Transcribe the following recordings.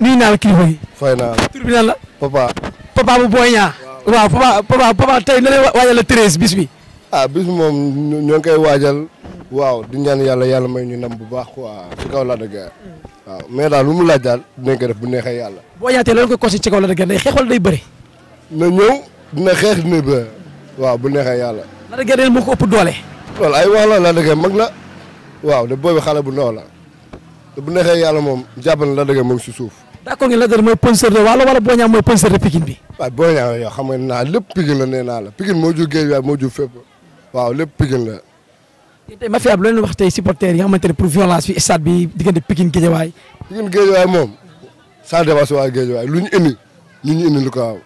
nuyu naan la kilifa yi. fay naa la tur la. papa. papa bu booy ñaa. waaw papa papa papa tey na lay waajal la treize bis bi. ah bis moom ñoo ngi koy waajal. waaw di ñaan yàlla yàlla may ñu nam bu baax quoi ci kaw la dëgg waaw mais daal lu mu laaj daal dinañ ko def bu neexee yàlla. boo ñaatee loolu nga ko ci kaw la dëgg day xeex wala day bëri. na ñëw dina xeex dina bëri. waaw bu neexee yàlla. la dëgg moo ko ëpp doole. loolu ay wax la la dëgg mag la. waaw de boobu xale bu ndaw la. te bu neexee yàlla moom jàpp na Lac de si suuf. d'accord ngeen Lac de Guiers mooy ponseur de Walo wala Boy Niang mooy ponseur de la nee wax tey supporters yi nga xamante ne pour violence fi moom ça dépasse waa lu ñu indi ñu ñu indi lu ko waaw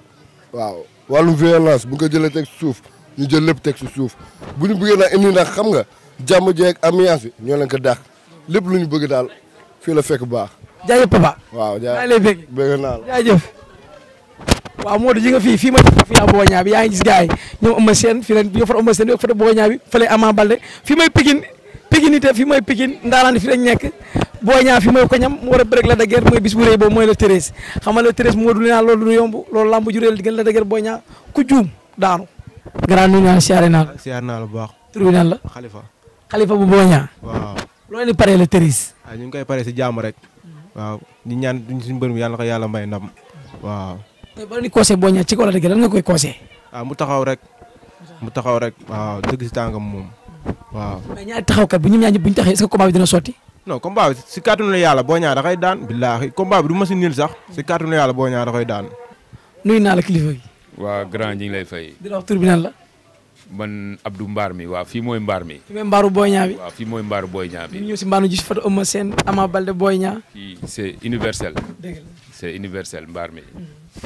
waaw wàllum violence bu nga ko jëlee teg si suuf ñu jël lépp teg suuf bu ñu bëggee nag indi nag xam nga jàmm jeeg ambiance ñoo la ko dàq lépp lu ñu bëgg daal fii la fekk baax. jaajëf waaw jaajëf bëgg naa fii fii ma fii laa Boy Niang bi yaa ngi gis gars yi ñoom Eumeu Sène fii la ñoo far Eumeu Sène yokk fa Boy Niang bi fële Ama Baldé fii may Pikine Pikine itam fii may Pikine Ndaalane fii lañ nekk Boy Niang fii may ko ñam mu war a bëreeg Lac de Guiers mooy bis bu rëy boobu mooy le treize xam nga le treize Modou naa loolu du yomb loolu lamb ju réel diggante Lac de Guiers Boy ku juum daanu. grand nuyu naa la naa la baax. tur la Khalifa bu Boy loolu waaw ñu ngi koy pare si jàmm rek. waaw ñu ñaan suñu mbër mi yàlla ko yàlla may ndam waaw. tey bala ni conseil boo ñëwaat ci kaw la dëgg lan nga koy conseil. Ah, mu taxaw rek. mu taxaw rek waaw dëgg si tàngam moom waaw. mais ñaari taxawkat bu ñoom ñaar bu ñu taxee est-ce que combat bi dina sotti. non combat bi si kàttanu boo ñaar da koy daan. billaahi combat bi du ma si niil sax. si kàttanu la yàlla boo ñaar da koy daan. nuyu naa la kilifa bi. waa grand ñi ngi lay fay. di la wax la. man Abdou Mbaar mi waaw fii mooy Mbaar mi. fii mooy Mbaaru Boy Niang bi waaw fii mooy Mbaaru Boy Niang bi. ñu ñëw si Mbaar ji si Fatou Eumeu Sène Ama Baldé Boy Niang. fii c'est universel. dëgg la c'est universel Mbaar mi. Mhm.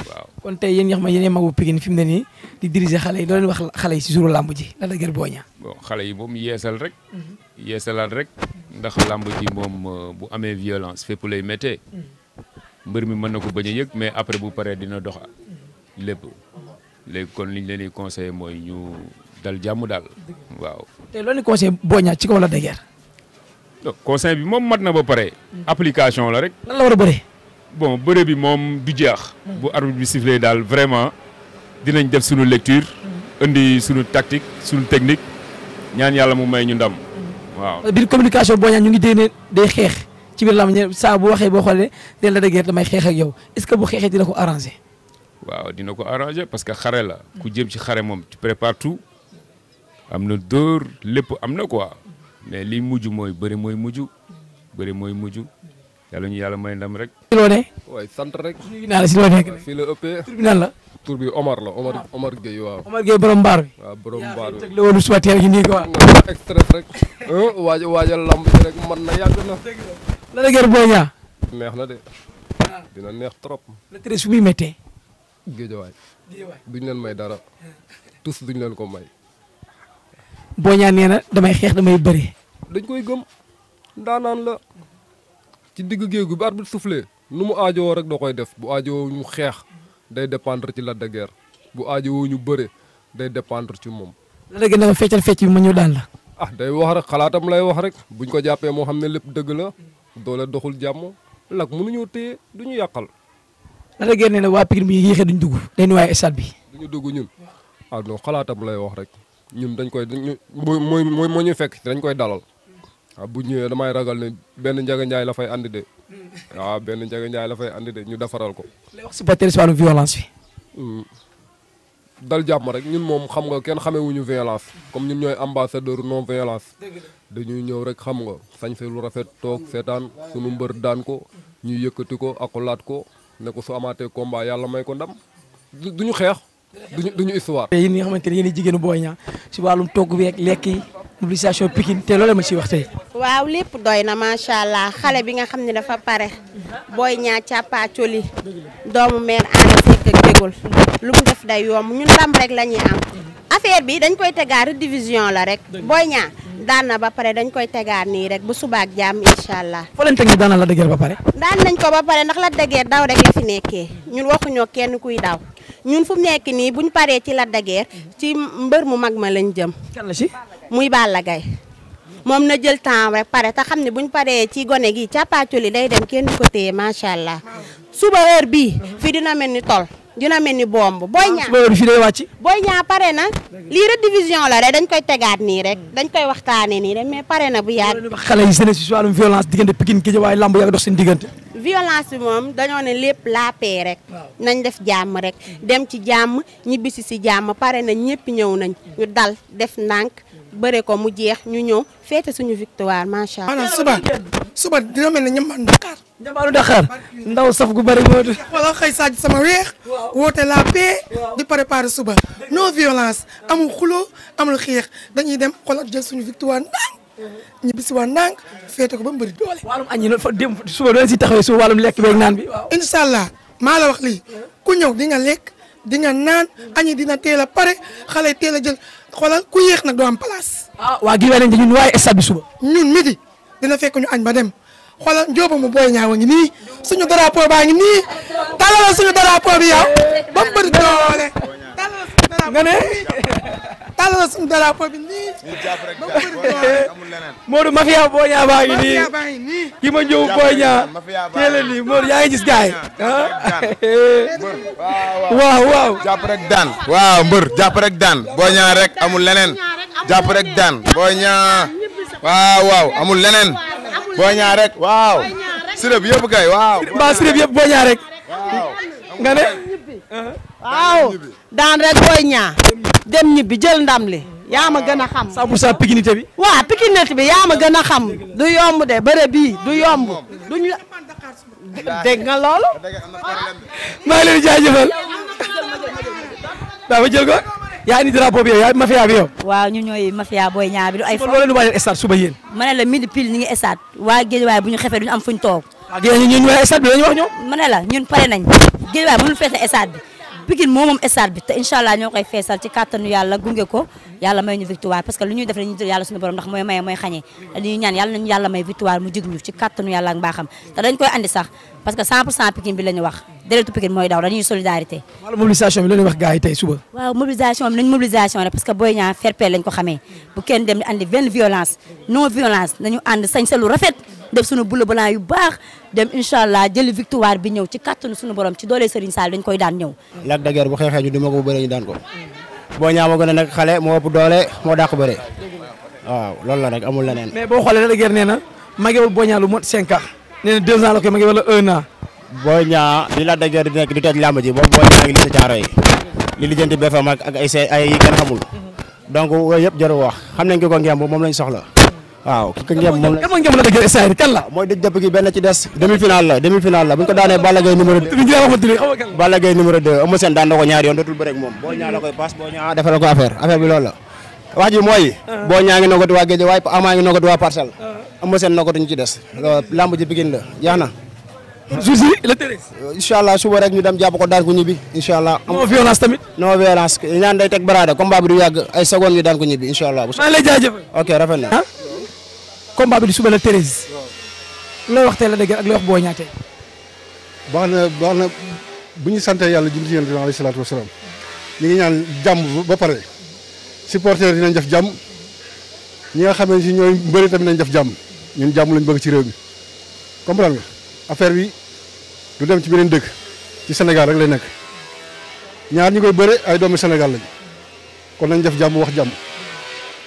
waaw kon tey yéen ñoo xam ne yéen magu Pikine fi mu ne nii di diriger xale yi doo leen wax xale yi si jouru làmb ji la gër Boy Niang. bon xale yi moom yeesal rek. Mhm. yeesalaat rek. ndax làmb ji moom euh, bu amee violence fépp lay méttee. Mhm. mbër mi mën na ko bañ a yëg mais après bu paree dina dox lépp léegi kon liñ leen di conseillé mooy ñu. dal jàmm daal waaw. tey loolu conseil boo ñaa ci kaw la dëgër. conseil bi moom mat na ba pare. Hmm. application la rek. lan la war a bëre. bon bëre bi moom du jeex. Hmm. bu arbitre bi sifflé daal vraiment dinañ def suñu lecture. Hmm. indi suñu tactique suñu technique ñaan yàlla mu may ñu ndam. waaw biir communication boo ñaa ñu ngi dégg ne day xeex ci biir lam saa bu waxee boo xoolee ne la dëgër damay xeex ak yow est-ce que bu xeexee dina ko arranger. waaw dina am na dóor lépp am na quoi mais liy mujj mooy bëri mooy mujj bëri mooy mujj yàlla ñu yàlla may ndam rek. loo ne. waay sant rek. ñu naa la fii la ëppee. tur la. tur bi Omar la Omar Omar Gueye waaw. Omar Gueye borom mbaar bi. waaw borom mbaar bi yaa ngi teg lu suba teel gi nii rek. waaj lamb ji rek mën na yàgg na. la la gër boo ñaa. neex na de. Ah. dina neex trop. la tërës su muy méttee. géejawaay. géejawaay duñ leen dara. Ah. tous duñ leen ko may. boo ñaan nee damay xeex damay bëri. dañ koy gëm ndaanaan la ci digg géew gi bu arbitre nu mu aajowoo rek doo koy def bu aajowoo ñu xeex day dépendre ci Lac de Guiers bu aajowoo ñu bëre day dépendre ci moom. Lac de Guiers dama feccal fecc bi ma ñëw daan la. ah day wax rek xalaatam lay wax rek buñ ko jàppee moo xam ne lépp dëgg la doole doxul jàmm lak mënuñoo téye du ñu yàqal. Lac de Guiers nee na waa Pikine bu ñu yéexee duñ dugg day waaye stade bi. ñu dugg ñun ah lay wax rek. ñun dañ koy dañ mooy mooy moo ñuy fekk dañ koy dalal waaw bu ñëwee damay ragal ne benn Ndiaga njaay la fay andi de waaw benn Ndiaga Ndiaye la fay andi de ñu defaral ko. lay wax supporter si hmm. dal jàpp ma rek ñun moom xam nga kenn xamewuñu violence comme ñun ñooy ambassadeur non violence dañuy ñëw rek xam nga sañ fe lu rafet toog seetaan sunu mbër daan ko ñu yëkkati ko akulaat ko ne ko su amaatee combat yàlla may ko ndam duñu xeex. duñu duñu histoire. yéen ñi nga xamante ne yéen jigéenu Boy Niang si wàllum togg beeg lekk mobilisation Pikine te loolu ma ciy wax tey. waaw lépp doy na macha allah xale bi nga xam ne dafa pare. booy Niang càppaa coli doomu meer ànd fekk ak dégul lu mu def day yomb ñun lam rek la am. affaire bi dañ koy tegaar division la rek. Boy ñaa daan na ba pare dañ koy tegaar nii rek bu subaak jàmm incha allah. fa leen teg ni daan la dëgër ba pare. daan nañ ko ba pare ndax la dëgër daw rek la fi nekkee ñun kenn kuy daw. ñun fu nekk nii buñ paree ci la de ci mbër mu mag ma lañ jëm. kan la ci muy Balla moom na jël temps rek pare te xam ne buñ paree ci gone gi cappaaculi day dem kenn du ko macha allah suba heure bi fi dina mel ni tol. dina mel ni bomb booy ñaa fi day wàcc booy ñaa pare na lii redivision la rek dañ koy tegaat nii rek dañ koy waxtaane nii rek mais pare na bu yàgg xale yi seen si wàllum violence diggante Pikine Guédiawaye lamb yàgg dox seen diggante violence bi moom dañoo ne lépp la paix rek nañ def jàmm rek dem ci jàmm ñibbisi si jàmm pare na ñëpp ñëw nañ ñu dal def ndànk bëre ko mu jeex ñu ñëw feete suñu victoire macha allah. maanaam suba suba dina mel ne ñambaalu Dakar. ñambaalu Dakar ndaw saf gu bëri ñëw. wala xëy Sadji sama weex. woote la di préparer suba. non violence amul xuloo amul xeex dañuy dem xoolaat jël suñu victoire ndànk. Mhm. ñibbi si waa ndànk feete ko ba mu bëri doole. wàllum añ yi nag fa démb suba doo si taxawee suba wàllum lekk beeg naan bi. incha allah maa la wax lii mhm. ku ñëw di nga lekk di nga naan mhm. añi dina teel a pare xale teel a jël. xoolal ku yéex nag doo am place. ah waa gi nañ ñun waaye stade bi suba. ñun midi dina fekk ñu añ ba dem xoolal njóoba mu booy ñaawa ngi nii suñu drapeau baa ngi nii talala suñu drapeau bi yow ba mu bëri doole talala suñu drapeau bi tàll la suñu drapeau bi nii. mafia boo baa ngi nii. ma ñëw boo ñaa. mafia baa yaa ngi gis gars yi. Ah. waaw waaw waaw. rek daan. waaw rek amul leneen. jàpp rek daan. boo ñaa. waaw amul leneen. boo ñaa rek waaw. sirëb yëpp kay mbaa sirëb yëpp boo rek. waaw daan rek boo dem ñibbi jël ndam li yaa ma gën a xam. 100 pour cent pikinité bi. waaw pikinité bi yaa ma gën a xam. du yomb de bëre bii du yomb ñu la. dégg nga loolu. maa ngi leen di jaajëfal. daa ma jël ko. yaa indi drapeau bi yow yaa mafia bi yow. waaw ñu ñooy mafia booy ñaar bi du ay. fo loolu la ñu waajal stade suba yéen. ma ne la midi pile ñu ngi waa géej waaye bu ñu xefee duñu am fuñ toog. waaw géej ñun ñooy stade bi la ma ne la ñun pare nañ géej waaye mënul fees stade bi Pikine moo moom stade bi te incha allah ñoo koy feesal ci kàttanu yàlla gunge ko yàlla may ñu victoire parce que lu ñuy def dañuy jël yàlla suñu borom ndax mooy maye mooy xañee dañuy ñaan yàlla may victoire mu jig ñu ci kàttanu yàlla ak mbaaxam te dañ koy bi la ñu wax déretu suñu bula ci kàttanu suñu borom dañ koy daan ñëw Lac de bu xeexee ñu duma ko bu bëre daan ko Boy Niang moo gën a nekk xale moo ëpp doole moo dàq bëre waaw loolu la rek amul leneen. mais boo xoolee la guerre nee na magewul Boy Niang lu mot 5 ans nee na 2 ans la koy mage wala 1 an. Boy Niang la guerre di nekk di toj làmb ji boobu Boy Niang li sa caaro yi li lijjanti BFM ak ay ay yi kenn xamul mhm. donc yooyu yëpp jaru wax xam nañ ko ko ngemb moom lañ soxla. waaw ki ko ngem moom la kan mooy ngem la dëgg saa yi kan la mooy dëj dëpp gi benn ci des demi final la demi final la bu ñu ko daanee Balla Gaye numéro 2 Balla daan na ko ñaari yoon dootul bëre moom boo ñaa la koy paas boo ñaa defal ko affaire affaire bi loolu la wax ji mooy uh-huh. boo ñaa ngi nogatu waa géej waaye amaa ngi nogatu waa parcelle uh-huh. Eumeu Sène nogatuñu ci des lamb ji Pikine la jeex na suba rek ñu dem jàpp ko daan ko ñibbi incha allah non violence tamit non violence ñaan day teg baraada combat bi du yàgg ay seconde ñu na ah? combat bi di suba la treize. looy wax tey la dëgg ak looy wax boo ñaatee. baax na baax na bu ñu santee yàlla julli ci yonent bi salaatu wasalaam ñu ngi ñaan jàmm ba pare supporters dinañ def jàmm ñi nga xamee si ñooy mbëri tamit nañ def jàmm ñun jàmm lañ bëgg ci réew mi comprendre affaire bi du dem ci beneen dëkk ci senegal rek lay nekk ñaar ñu koy bëre ay doomi senegal lañ kon nañ def jàmm wax jàmm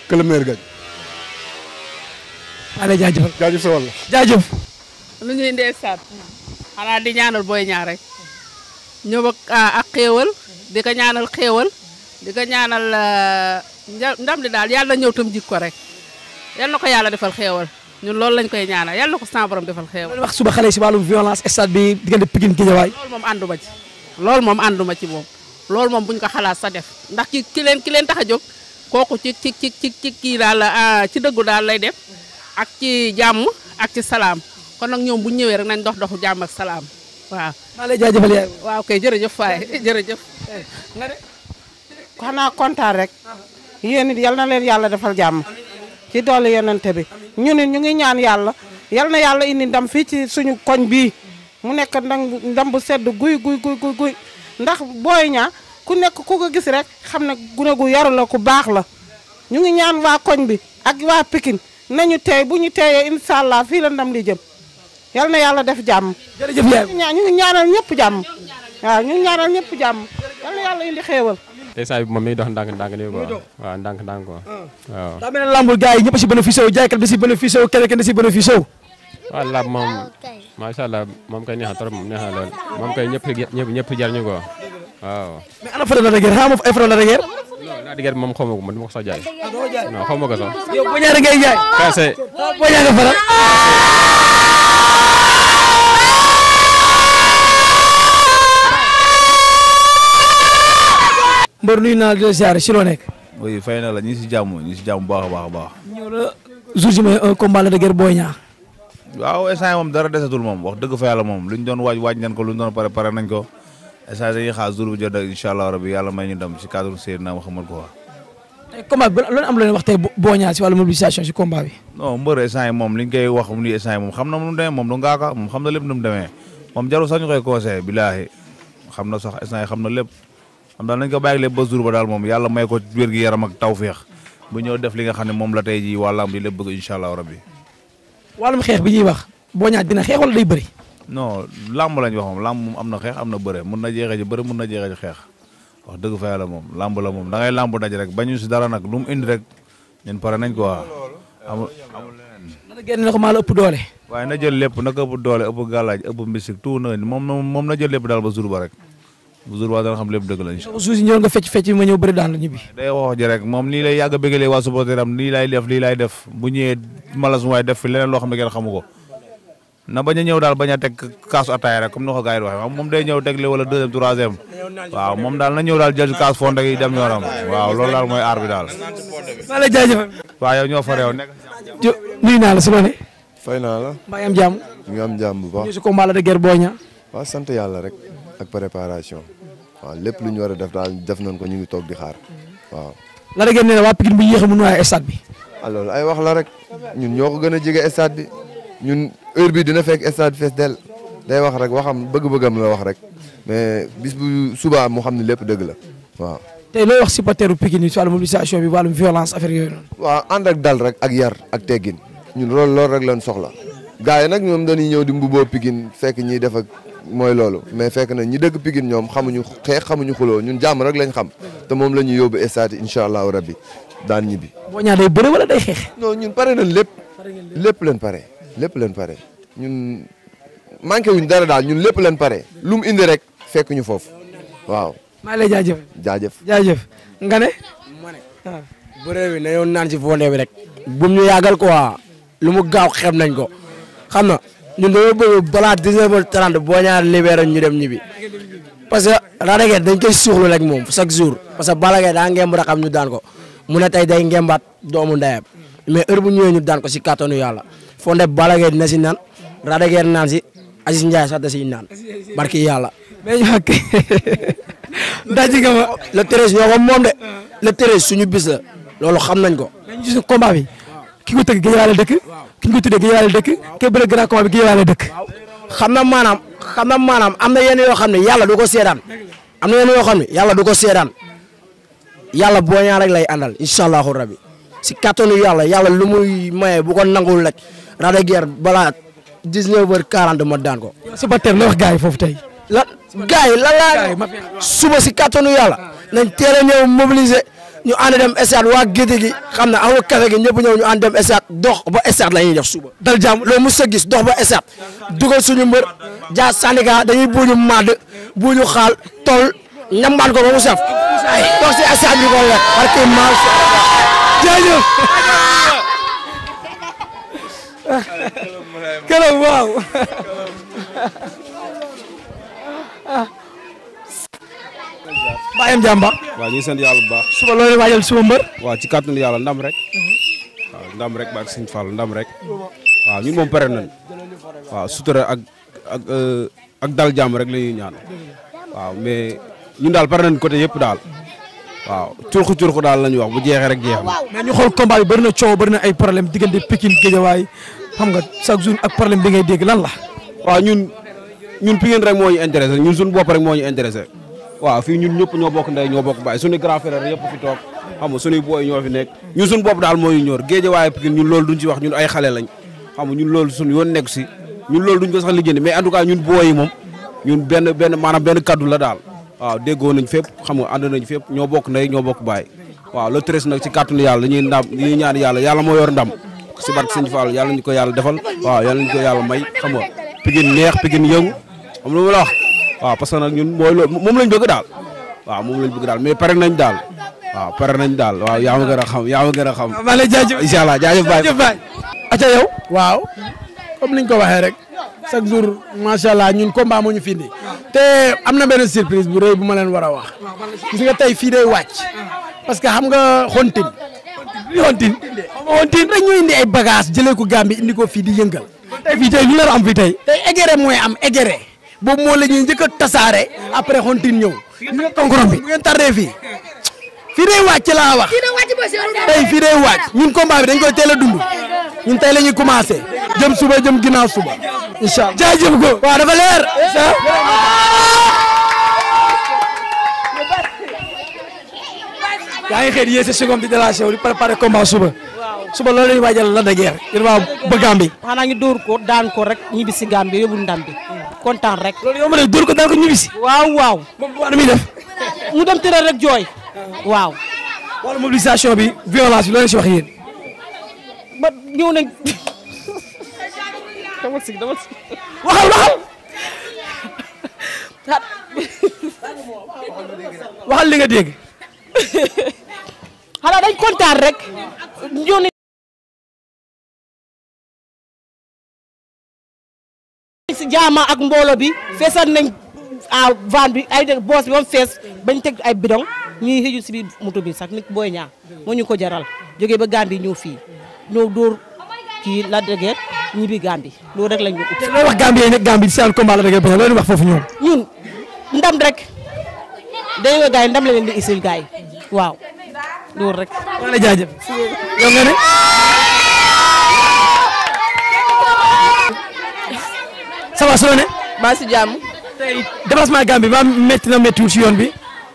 que le maa lay jaajëfal jaajëf sa wàll jaajëf lu ñuy ndee saat xanaa di ñaanal booy ñaar rek ñëw ah, ak xéewal di ko ñaanal xeewal di ko ñaanal eh, ndam di daal yàlla ñëw tam jik ko rek yal na ko yàlla defal xeewal ñun loolu lañ koy ñaanal yal na ko sama borom defal xeewal suba xale si wàllum violence stade bi diggante Pikine Guédiawaye loolu moom ànduma ci loolu moom ànduma ci moom loolu moom buñ ko xalaat sa def ndax ki ki leen ki leen tax a jog kooku ci ci ci ci ci kii daal ah, ci dëggu daal lay def ak ci jàmm ak ci salaam kon nag ñoom bu ñëwee rek nañ dox doxu jàmm ak salaam waaw. maa lay jaajëfal yaay waaw kay jërëjëf waay jërëjëf. nga de xanaa kontaan rek yéen it yal na leen yàlla defal jàmm ci doole yonente bi ñu ne ñu ngi ñaan yàlla yal na yàlla indi ndam fii ci suñu koñ bii mu nekk ndam bu sedd guy guy guy guy ndax booy ñaa ku nekk ku ko gis rek xam ne gune gu yaru la ku baax la ñu ngi ñaan waa koñ bi ak waa Pikine nañu tey bu ñu teeyee incha allah fii la ndam li jëm yal na yàlla def jàmm. jërëjëf yaay ñu ñaanal ñëpp jàmm waaw ñu ngi ñaanal ñëpp jàmm yal na yàlla indi xéewal. tey saa moom mi ngi dox ndànk-ndànk nii quoi waaw ndànk-ndànk quoi ah. waaw. daa mel si bénéfice wu jaaykat bi si bénéfice wu keneen si bénéfice wu. waaw laab moom macha allah moom kay neex na trop moom neex moom kay ñëpp ñëpp ñëpp jar ñu quoi waaw. ñaari gerte moom xaw ma ko sax ah, jaay. non xaw ma jaay. kase. boo ñaari nga faral. Mbër naa la ziar si loo fay na la ñu ngi si jàmm baax a baax a baax. ñëw la jour ji may un combat la de guerre booy ñaa. waaw instant moom dara desatul moom wax dëgg fa moom luñ doon waaj waaj nañ ko luñ doon pare pare nañ ko. échange dañuy xaar jour bu jot ak incha allah rabi yàlla may ñu dem si cadre Seydina Mouhamed ko wax. combat bi loolu na wax tey boo ñaar si wàllu mobilisation si combat bi. non mbër échange moom xam na mu demee na lépp nu mu demee moom jarul sax ñu koy conseillé billaahi xam na sax xam na lépp xam daal nañ ko bàyyi lépp ba jour ba daal moom yàlla may ko wér gi yaram ak tawféex bu ñëw def li nga xam ne moom la tey ji wàllam di lépp bëgg incha allah rabi. xeex bi ñuy wax boo dina xeex wala day bëri non làmb lañ wax moom làmb moom am na xeex am na bëre mun na jeexee ci bëre mun na jeexee ci xeex wax dëgg fa moom làmb la moom da ngay làmb daj rek bañu si dara nag lu mu indi rek ñun pare nañ na génn ne ko maa la doole. waaye na jël lépp nag ëpp doole ëpp gàllaaj ëpp mbisik tout moom moom na jël lépp daal ba jour ba rek bu jour ba dana xam lépp la incha allah. suuf si ñëw nga la ñibbi. day lay yàgg a bëggalee waa supporteram nii laay def lii laay def bu ñëwee malas waay def fi leneen loo xam ne kenn xamu ko na bañ a ñëw daal bañ a teg kaasu ataaya rek comme ni ko gars yi waxee waaw moom day ñëw teg li wala deuxième troisième waaw moom daal na ñëw daal jël kaas fonde yi dem ñoram waaw loolu daal mooy aar bi daal. maa lay fa réew nekk. jo nuyu ma ne. fay naa la. maa ngi am jàmm. ñu am jàmm bu baax. ñu de guerre a def daal ko ñu ngi toog di xaar waaw. la da ngeen ne waa Pikine bu yéex a mu nooyee bi. Ah, ay wax la rek ñun ñoo ko gën a jege stade bi ñun heure bi dina fekk stade fees del day wax rek waxam bëgg-bëggam la wax rek mais bis bu subaa mu xam ne lépp dëgg la waaw. tey loo wax supporteru Pikine ci wàllu mobilisation bi wàllum violence affaire yooyu noonu. waaw ànd ak dal rek ak yar ak teggin ñun loolu loolu rek lañ soxla gars yi nag ñoom dañuy ñëw di mbuboo Pikine fekk ñiy def ak mooy loolu mais fekk na ñi dëkk Pikine ñoom xamuñu xeex xamuñu xuloo ñun jàmm rek lañ xam te moom la ñuy yóbbu stade incha allahu rabbi daan ñibbi. boo ñaa day bëre wala day xeex. lépp. lépp lañ pare. lépp leen pare ñun manqué wuñ dara daal ñun lépp leen pare lu mu indi rek fekk ñu foofu waaw. maa lay jaajëf jaajëf jaajëf nga ne. ma ne bëre bi nañoo naan ci fondé bi rek. bu ñu yàggal quoi lu mu gaaw xem nañ ko xam na ñun dañoo bëgg balaa 19h30 boo ñaar libéré ñu dem ñibi parce que Lac dañ koy suuxlu rek moom chaque jour parce que Balla Gaye daa ngemb raxam ñu daan ko mu ne tey day ngembaat doomu ndeyam mais heure bu ñëwee ñu daan ko si kàttanu yàlla. fonde Balla Gaye dina si naan Lac de Guiers naan si Aziz Ndiaye barki yàlla. mais ok daj nga ma. le treize yoo ko moom de le treize suñu bis la loolu xam nañ ko. dañu gis combat bi ki ko tëgg Guédiawaye la dëkk ki ñu la dëkk ki bëre xam na maanaam xam na maanaam am na yenn yoo xam ne yàlla du ko seedaan yoo xam yàlla du ko seedaan boo ñaar lay àndal incha si kattanu yàlla yàlla lu muy maye bu ko nangul rek Lac de Guiers balaa 19h40 ma daan ko. yow supporter la wax gars yi foofu tey. lan gars yi lan suba si kattanu yàlla nañ teel a ñëw mobiliser ñu ànd dem stade waa gédé gi xam ne awa kafe gi ñëpp ñëw ñu ànd dem stade dox ba stade la ñuy def suba. dal jàmm loolu mos a gis dox ba stade dugal suñu mbër jaa syndicat dañuy buuñu màdd buuñu xaal toll ñambaan ko ba mu saf dox si stade bi ko lekk parce que jaajëf këram waaw mbaayam jàmba waaw ñu ngi sant yàlla bu baax suba loolu waajal suba mbër waaw ci kàttanu yàlla ndam rek waaw ndam rek baak Sëñ Fall ndam rek waaw ñun moom pare nañ waaw sutura euh, ak dal jàmm rek la ñuy ñaan waaw mais ñun daal pare nañ côté yëpp daal waaw curxu curxu daal la ñuy wax bu jeexee rek jeex ah, mais ñu xool combat bi bëri na coow bëri na ay problème diggante Pikine Guédiawaye xam nga chaque jour ak problème ñun ñun Pikine rek moo ñu intéressé ñun suñu bopp rek moo ñu intéressé waaw fii ñun ñëpp ñoo bokk ndey ñoo bokk baay suñu grand frère yëpp fi toog xam nga suñuy booy ñoo nekk ñun suñu bopp daal moo ñu ñor Guédiawaye Pikine ñun loolu duñ ci wax ñun ay xale lañ xam ñun loolu suñu yoon nekk si ñun loolu duñ ko sax mais en tout ñun booy yi moom ñun benn benn maanaam benn kaddu la daal waaw déggoo nañ fépp xam nga ànd nañ fépp ñoo bokk ndey ñoo bokk baay waaw le treize nag ci kàttanu yàlla ñuy ñaan yàlla yàlla moo yor ndam si barke sëñ Fall yàlla ñu ko yàlla defal waaw yàlla ñu ko yàlla may xam neex Pikine yëngu am lu ma la wax waaw ñun mooy moom lañ bëgg daal waaw moom lañ bëgg daal mais pare nañ daal waaw pare nañ daal waaw yaa ma gën a xam yaa ma gën a xam. maa ngi lay jaajëf incha allah jaajëf Baye. jaajëf Baye. acca yow. ko waxee rek. chaque jour macha allah ñun combat moo ñu fi indi te am na benn surprise bu rëy bu ma leen war a wax gis nga tey fii day wàcc parce que xam nga xontin xontin xontin rek ñu indi ay bagage jëlee ko Gambie indi ko fii di yëngal tey fii tey lu leen am fii tey tey égéré mooy am égéré boobu moo la ñuy njëkk tasaare après xontin ñëw ñu konkuram bi ngeen tardé fii fii day wàcc laa wax tey fii day wàcc ñun combat bi dañ koy teel a dund ñun tey la ñuy commencé jëm suba jëm ginnaaw suba incha allah jaajëf ko waaw dafa leer. yaa ngi xëy di yéese seconde bi de la séeréer di préparer combat suba. suba loolu la ñuy waajal la de guerre. yéen waa ba Gambie. ñu dóor ko daan ko rek ñibbi si Gambie yóbbu ndam kontaan rek. loolu yow ma ne dóor ko daan ko ñibbi si. waaw waaw. moom dem tëral rek jooy. waaw. bi violence bi loolu la si wax ba ñëw nañ. dama si dama si waxal waxal. waxal li nga dégg. xanaa dañ kontaan rek. ñëw nañ si jaama ak mboolo bi feesal nañ ah van bi ay boos bi ba mu fees bañ teg ay bidon. ñuy xëju si biir moto bi sax nit booy ñaa moo ñu ko jaral jógee ba Gambie ñëw fii ñëw dóor kii la dëgër ñibbi Gambie loolu rek lañ ñu ut. te looy wax Gambie yi nag Gambie di seen combat la dëgër wax foofu ñoom. ndam rek dañu ko gars yi rek. maa ngi lay jaajëf yow nga ne. ça metti na méttiwul si yoon bi.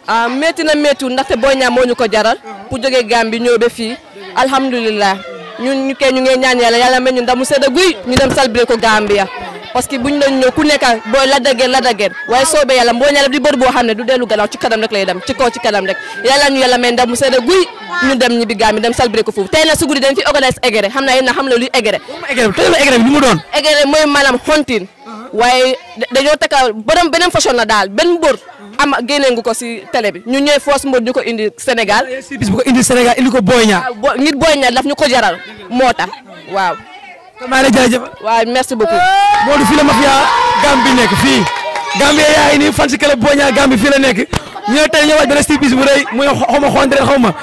ah métti na méttiwul ndaxte Boy Niang moo ñu ko jaral pour jógee Gambie ñëw ba fii alhamdulilah ñun ñu kay ñu ngi ñaan yàlla yàlla mel ñu ndamu sedd guy ñu dem salbire ko Gambia parce que buñ doon ñëw ku nekk booy la dageen la dageen waaye soobee yàlla boo ñaareel di bër boo xam ne du dellu gannaaw ci kanam rek lay dem ci kaw ci kanam rek yàlla ñu yàlla may ndam mu sedd guy ñu dem ñibbi Gambie dem salbire ko foofu tey nag su guddi dañ fi organise egere xam naa yéen a xam la luy egere egere mooy maanaam hontin uh-huh. waaye dañoo takka beneen façon la daal benn mbër am génne ngu ko si télé bi ñu ñëwee Force Mbod ñu ko indi Sénégal. bis bu ko indi Sénégal indi ko booy Niang. waaw nit Boy Niang daf ñu ko jaral moo tax waaw. maa ngi lay jaajëfal. waaw merci beaucoup. Modou fii la mafia Gambie nekk fii Gambie yaa nii fan si club Boy Niang Gambie fii la nekk ñoo tey ñoo waaj benn bis bu mu muy xaw ma xonte xaw ma.